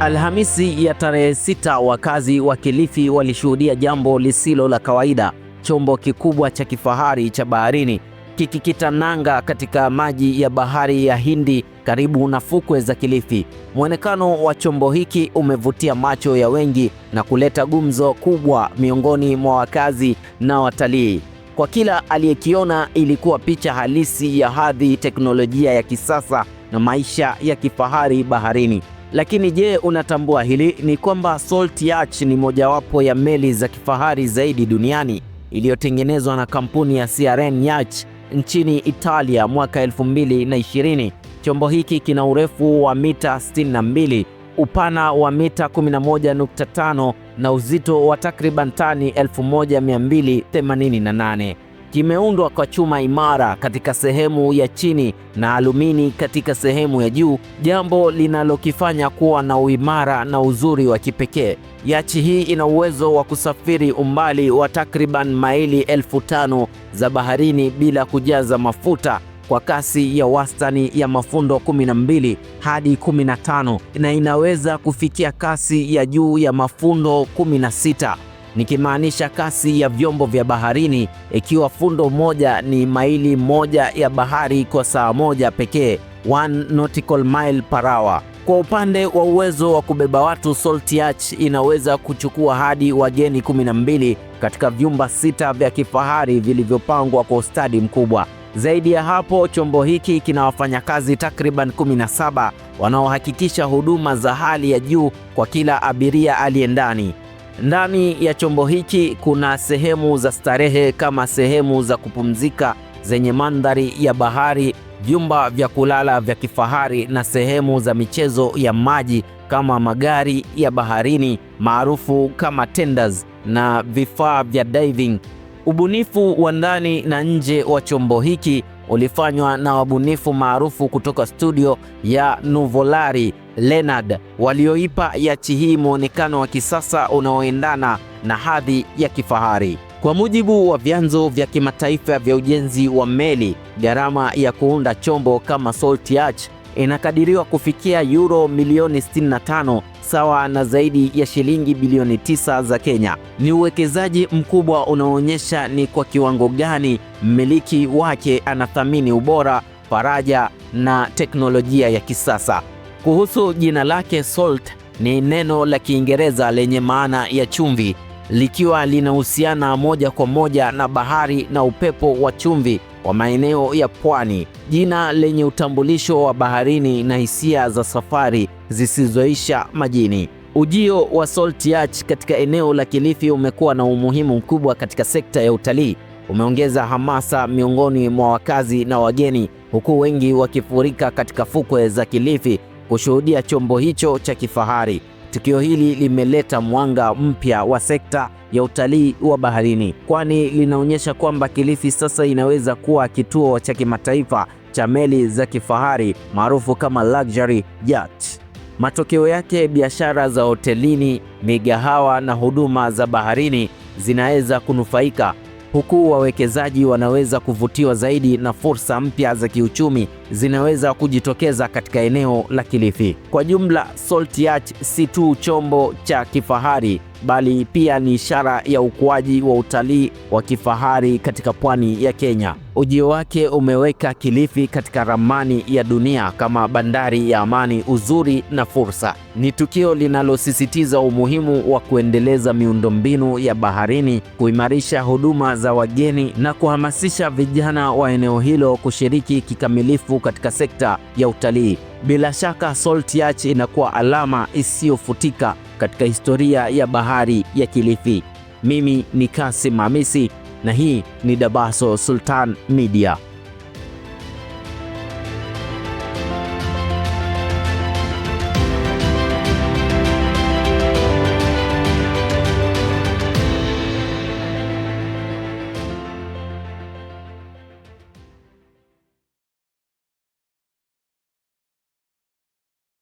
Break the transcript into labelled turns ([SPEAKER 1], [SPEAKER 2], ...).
[SPEAKER 1] Alhamisi ya tarehe sita, wakazi wa Kilifi walishuhudia jambo lisilo la kawaida, chombo kikubwa cha kifahari cha baharini kikikita nanga katika maji ya bahari ya Hindi karibu na fukwe za Kilifi. Mwonekano wa chombo hiki umevutia macho ya wengi na kuleta gumzo kubwa miongoni mwa wakazi na watalii. Kwa kila aliyekiona, ilikuwa picha halisi ya hadhi, teknolojia ya kisasa na maisha ya kifahari baharini. Lakini je, unatambua hili? Ni kwamba Salt Yacht ni mojawapo ya meli za kifahari zaidi duniani iliyotengenezwa na kampuni ya CRN Yacht nchini Italia mwaka 2020. Chombo hiki kina urefu wa mita 62, upana wa mita 11.5 na uzito wa takriban tani 1288 kimeundwa kwa chuma imara katika sehemu ya chini na alumini katika sehemu ya juu, jambo linalokifanya kuwa na uimara na uzuri wa kipekee. Yachi hii ina uwezo wa kusafiri umbali wa takriban maili elfu tano za baharini bila kujaza mafuta kwa kasi ya wastani ya mafundo 12 hadi 15 na inaweza kufikia kasi ya juu ya mafundo 16 nikimaanisha kasi ya vyombo vya baharini. Ikiwa fundo moja ni maili moja ya bahari kwa saa moja pekee, one nautical mile per hour. Kwa upande wa uwezo wa kubeba watu, Saltyacht inaweza kuchukua hadi wageni 12 katika vyumba sita vya kifahari vilivyopangwa kwa ustadi mkubwa. Zaidi ya hapo, chombo hiki kina wafanyakazi takriban 17 wanaohakikisha huduma za hali ya juu kwa kila abiria aliye ndani. Ndani ya chombo hiki kuna sehemu za starehe kama sehemu za kupumzika zenye mandhari ya bahari, vyumba vya kulala vya kifahari na sehemu za michezo ya maji kama magari ya baharini maarufu kama tenders na vifaa vya diving. Ubunifu wa ndani na nje wa chombo hiki ulifanywa na wabunifu maarufu kutoka studio ya Nuvolari Leonard walioipa yachi hii mwonekano wa kisasa unaoendana na hadhi ya kifahari. Kwa mujibu wa vyanzo vya kimataifa vya ujenzi wa meli, gharama ya kuunda chombo kama Salt Yacht inakadiriwa kufikia euro milioni 65 sawa na zaidi ya shilingi bilioni tisa za Kenya. Ni uwekezaji mkubwa unaoonyesha ni kwa kiwango gani mmiliki wake anathamini ubora, faraja na teknolojia ya kisasa. Kuhusu jina lake salt, ni neno la Kiingereza lenye maana ya chumvi, likiwa linahusiana moja kwa moja na bahari na upepo wa chumvi wa maeneo ya pwani, jina lenye utambulisho wa baharini na hisia za safari zisizoisha majini. Ujio wa Salt Yacht katika eneo la Kilifi umekuwa na umuhimu mkubwa katika sekta ya utalii. Umeongeza hamasa miongoni mwa wakazi na wageni, huku wengi wakifurika katika fukwe za Kilifi kushuhudia chombo hicho cha kifahari. Tukio hili limeleta mwanga mpya wa sekta ya utalii wa baharini, kwani linaonyesha kwamba Kilifi sasa inaweza kuwa kituo cha kimataifa cha meli za kifahari maarufu kama luxury yacht. Matokeo yake, biashara za hotelini, migahawa na huduma za baharini zinaweza kunufaika huku wawekezaji wanaweza kuvutiwa zaidi na fursa mpya za kiuchumi zinaweza kujitokeza katika eneo la Kilifi. Kwa jumla, Salt Yacht si tu chombo cha kifahari bali pia ni ishara ya ukuaji wa utalii wa kifahari katika pwani ya Kenya. Ujio wake umeweka Kilifi katika ramani ya dunia kama bandari ya amani, uzuri na fursa. Ni tukio linalosisitiza umuhimu wa kuendeleza miundombinu ya baharini, kuimarisha huduma za wageni na kuhamasisha vijana wa eneo hilo kushiriki kikamilifu katika sekta ya utalii. Bila shaka, Salt Yacht inakuwa alama isiyofutika katika historia ya bahari ya Kilifi. Mimi ni Kasim Hamisi na hii ni Dabaso Sultan Media.